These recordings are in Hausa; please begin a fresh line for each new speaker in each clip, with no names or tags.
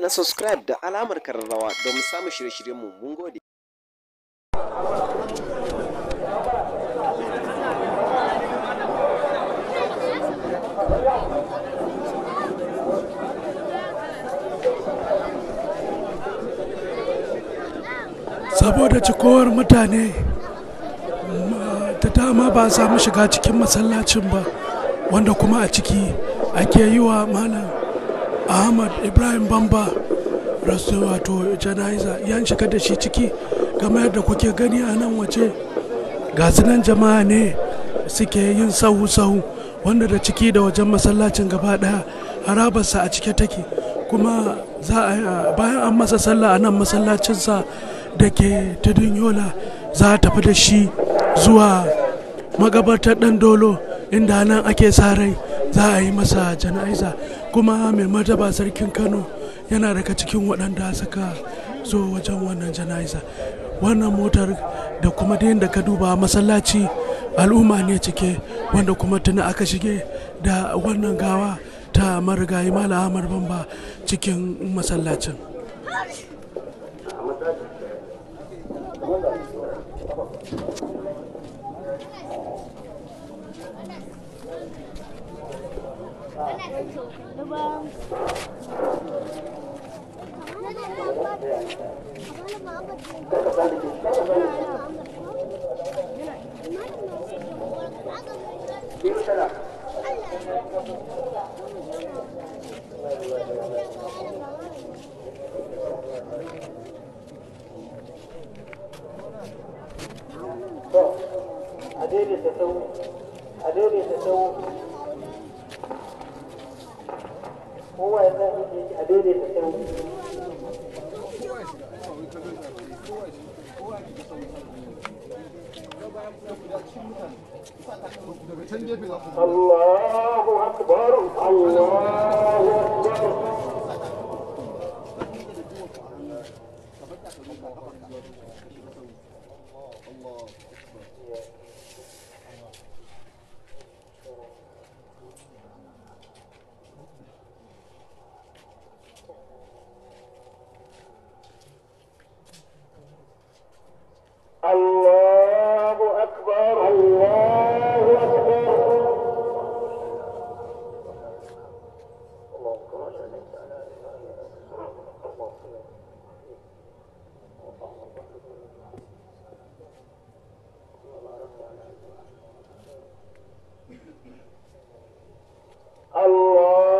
na subscribe da alamar kararrawa don samun shirye-shiryenmu mun gode saboda cikowar mutane da dama ba samu shiga cikin masallacin ba wanda kuma a ciki ake yi wa malam ahmad ibrahim bamba rasu wato janaiza yan shiga da shi ciki kamar yadda kuke gani a nan waje gasu nan jama'a ne suke yin sahu-sahu wanda da ciki da wajen masallacin gaba daya harabarsa a cike take kuma za a bayan an masa sallah a nan masallacinsa da ke tudun yola za a tafi da shi zuwa magabatar dan dolo inda nan ake sa rai za a yi masa jana'iza kuma mai martaba sarkin kano yana daga cikin waɗanda suka zo wajen wannan jana'iza wannan motar da kuma da yadda ka duba masallaci al'umma ne cike wanda kuma tuni aka shige da wannan gawa ta marigayi mala amar bamba cikin masallacin Thank you. Đúng không? أدير يتسوي أدير يتسوي sa inda yake a daidaita sau Allah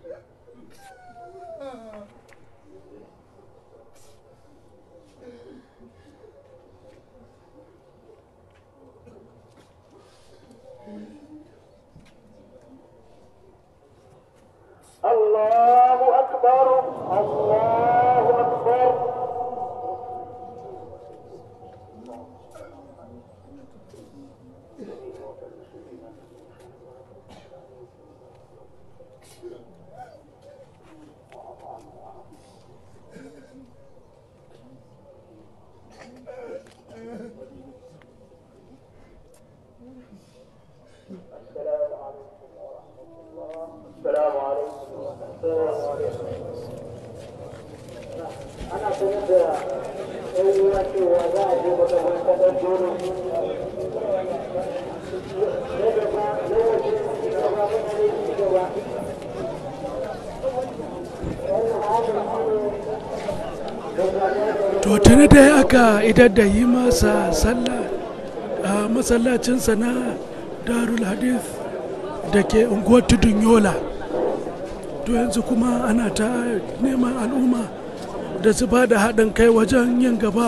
to tuni dai aka idar da yi masa sallah a masallacin na darul hadith da ke unguwar tudun yola to yanzu kuma ana ta neman al'umma da su ba da haɗin kai wajen yin gaba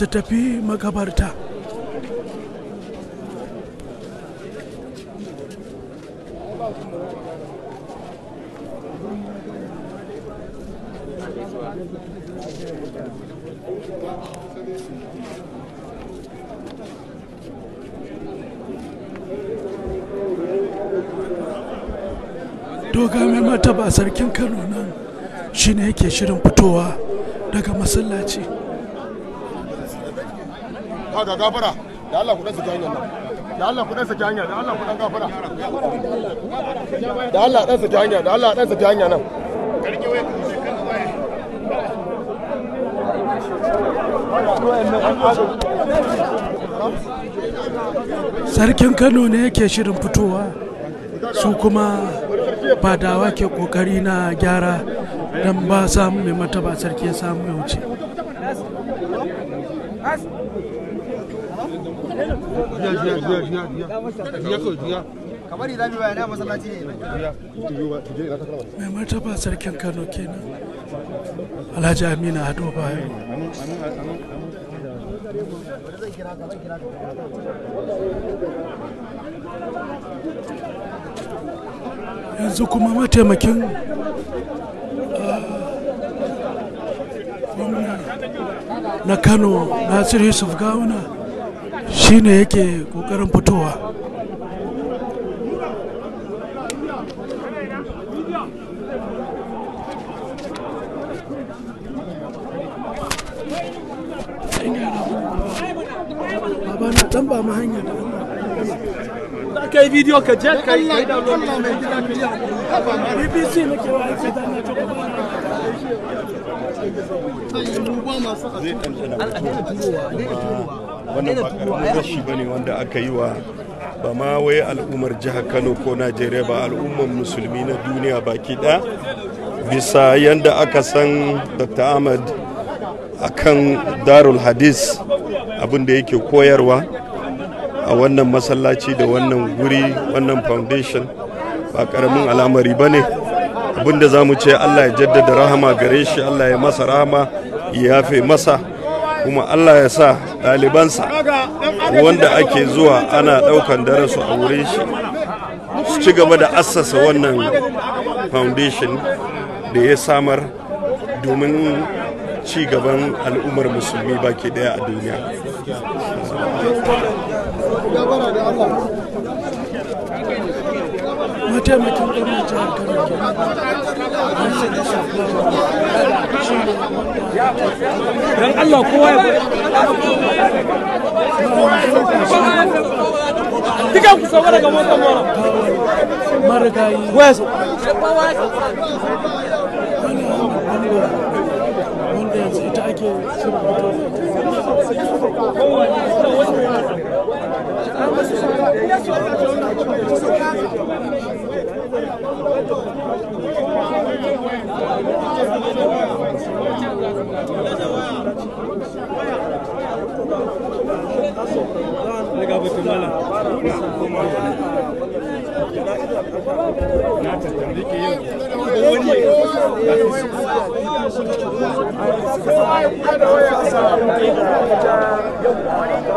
su tafi magabarta dogamar ba sarkin kano nan shi ne yake shirin fitowa daga masallaci haka gafara da Allah ku saki hanyar nan da Allah ku saki hanya da Allah ku dan gafara da Allah dan saki hanya da Allah dan saki hanya nan sarkin kano ne yake shirin fitowa su kuma fadawa ke kokari na gyara don ba samu mai mataba sarki ya samu ya wuce mai ba sarkin kano kenan alhaji amina hado bayo yanzu kuma mataimakin uh, na kano nasir yusuf gauna shine yake kokarin fitowa ba ma hanya da Allah ka yi bidiyo ka je ka yi kai da Allah mai gida ka ji BBC ne ke wa aiki da na to wannan ba wanda aka yi wa ba ma wai al'ummar jihar kano ko najeriya ba al'ummar musulmi na duniya baki ɗaya bisa yadda aka san dr ahmad akan darul hadis abin da yake koyarwa a wannan masallaci da wannan guri wannan foundation ba karamin al'amari ba ne abinda za mu ce allah ya jaddada rahama gare shi allah ya masa rahama ya yafe masa kuma allah ya sa ɗalibansa wanda ake zuwa ana ɗaukan darasu a wurin shi su ci gaba da assasa wannan foundation da ya samar domin ci gaban al'ummar musulmi baki daya a duniya mataimakin gwamnan jihar kano ke don allah kowa ya dukan ku sauka daga motar mora marigayi west wanda yanzu ita ake shirin Kowa ya kuka da wayarsa.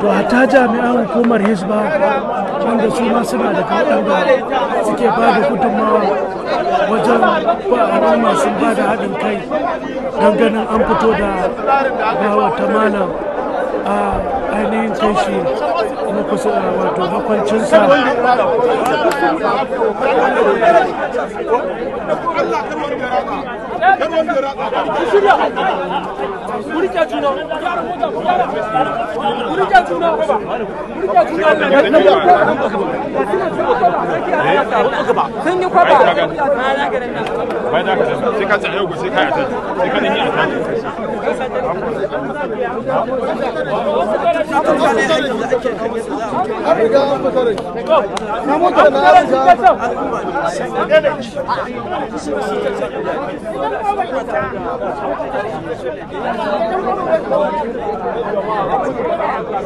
to ta jami'an hukumar hisba wanda su ma suna da da suke ba da gudunmawa wajen ba masu ba da haɗin kai ganin an fito da gawa ta mana a ainihin kai shi na kusa da wato makwancinsa Kuri sun yi kwaba da Thank you.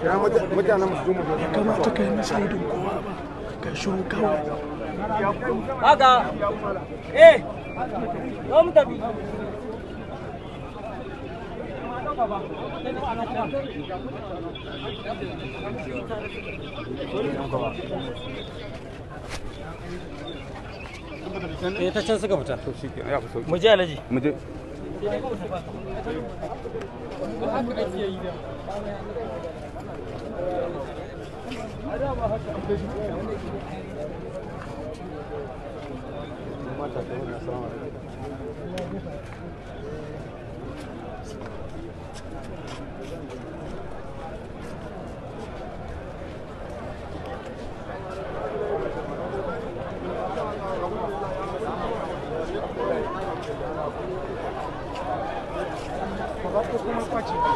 kira mutanen musu mutum kamata ka yi masa kowa ba ka shi kawai haka eh tafi eh, ta can suka fita. Mu je alaji. Mu je. Haka ake yi da. Coloca o a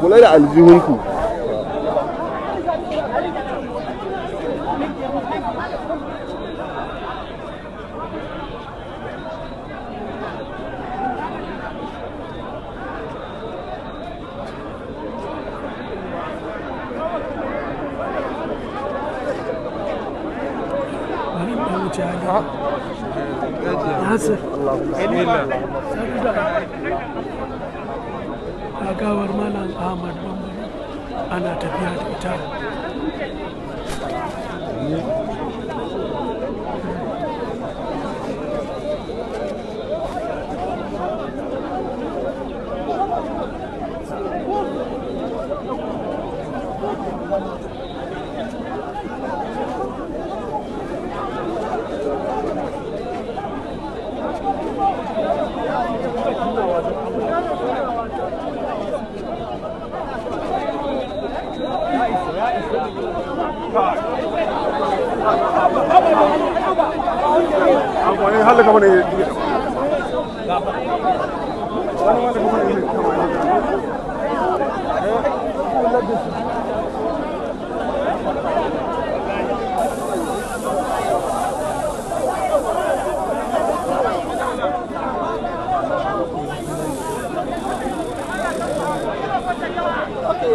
kula da aljihunku Okay,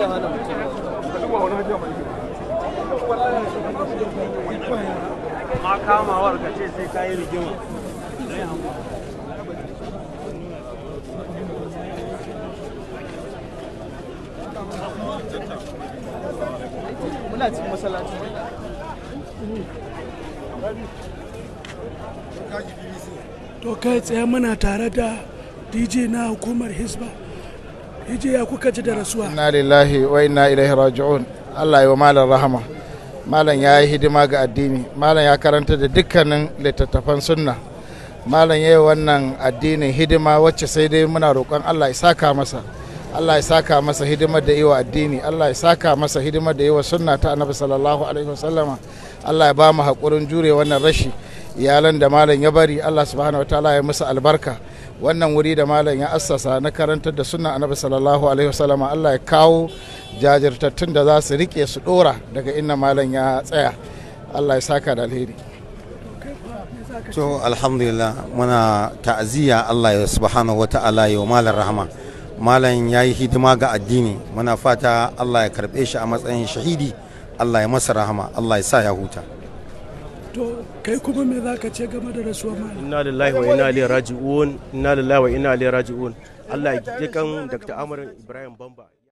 ya hana. Ka duba wani hajiya mai ma kamawar ka ce sai ka yi rigima muna cikin masallaci to kai tsaye muna tare da dj na hukumar hisba dj ya kuka ji da rasuwa inna lillahi wa inna ilaihi raji'un Allah yi wa malam rahama malam ya yi hidima ga addini malam ya karanta da dukkanin littattafan sunna malam ya yi wannan addinin hidima wacce sai dai muna roƙon Allah ya saka masa Allah ya saka masa hidimar da yi wa addini Allah ya saka masa hidimar da yi wa sunna ta annabi sallallahu alaihi wasallama Allah ya ba mu haƙurin jure wannan rashi iyalan da malam ya bari Allah subhanahu wataala ya musu albarka wannan wuri da malam ya assasa na karantar da sunna annabi sallallahu alaihi wasallama Allah ya kawo jajirtattun da za su rike su dora daga inda malam ya tsaya allah ya saka da alheri to alhamdulillah muna ta'aziyya allah ya subhanahu wata'ala yau malar rahama malam ya yi hidima ga addini muna fata allah ya karbe shi a matsayin shahidi allah ya masa rahama allah ya sa ya huta to kai kuma me za ka ce game da rasuwa malam inna lillahi wa inna ilaihi raji'un inna lillahi wa inna ilaihi raji'un allah ya jikan dr amurin ibrahim bamba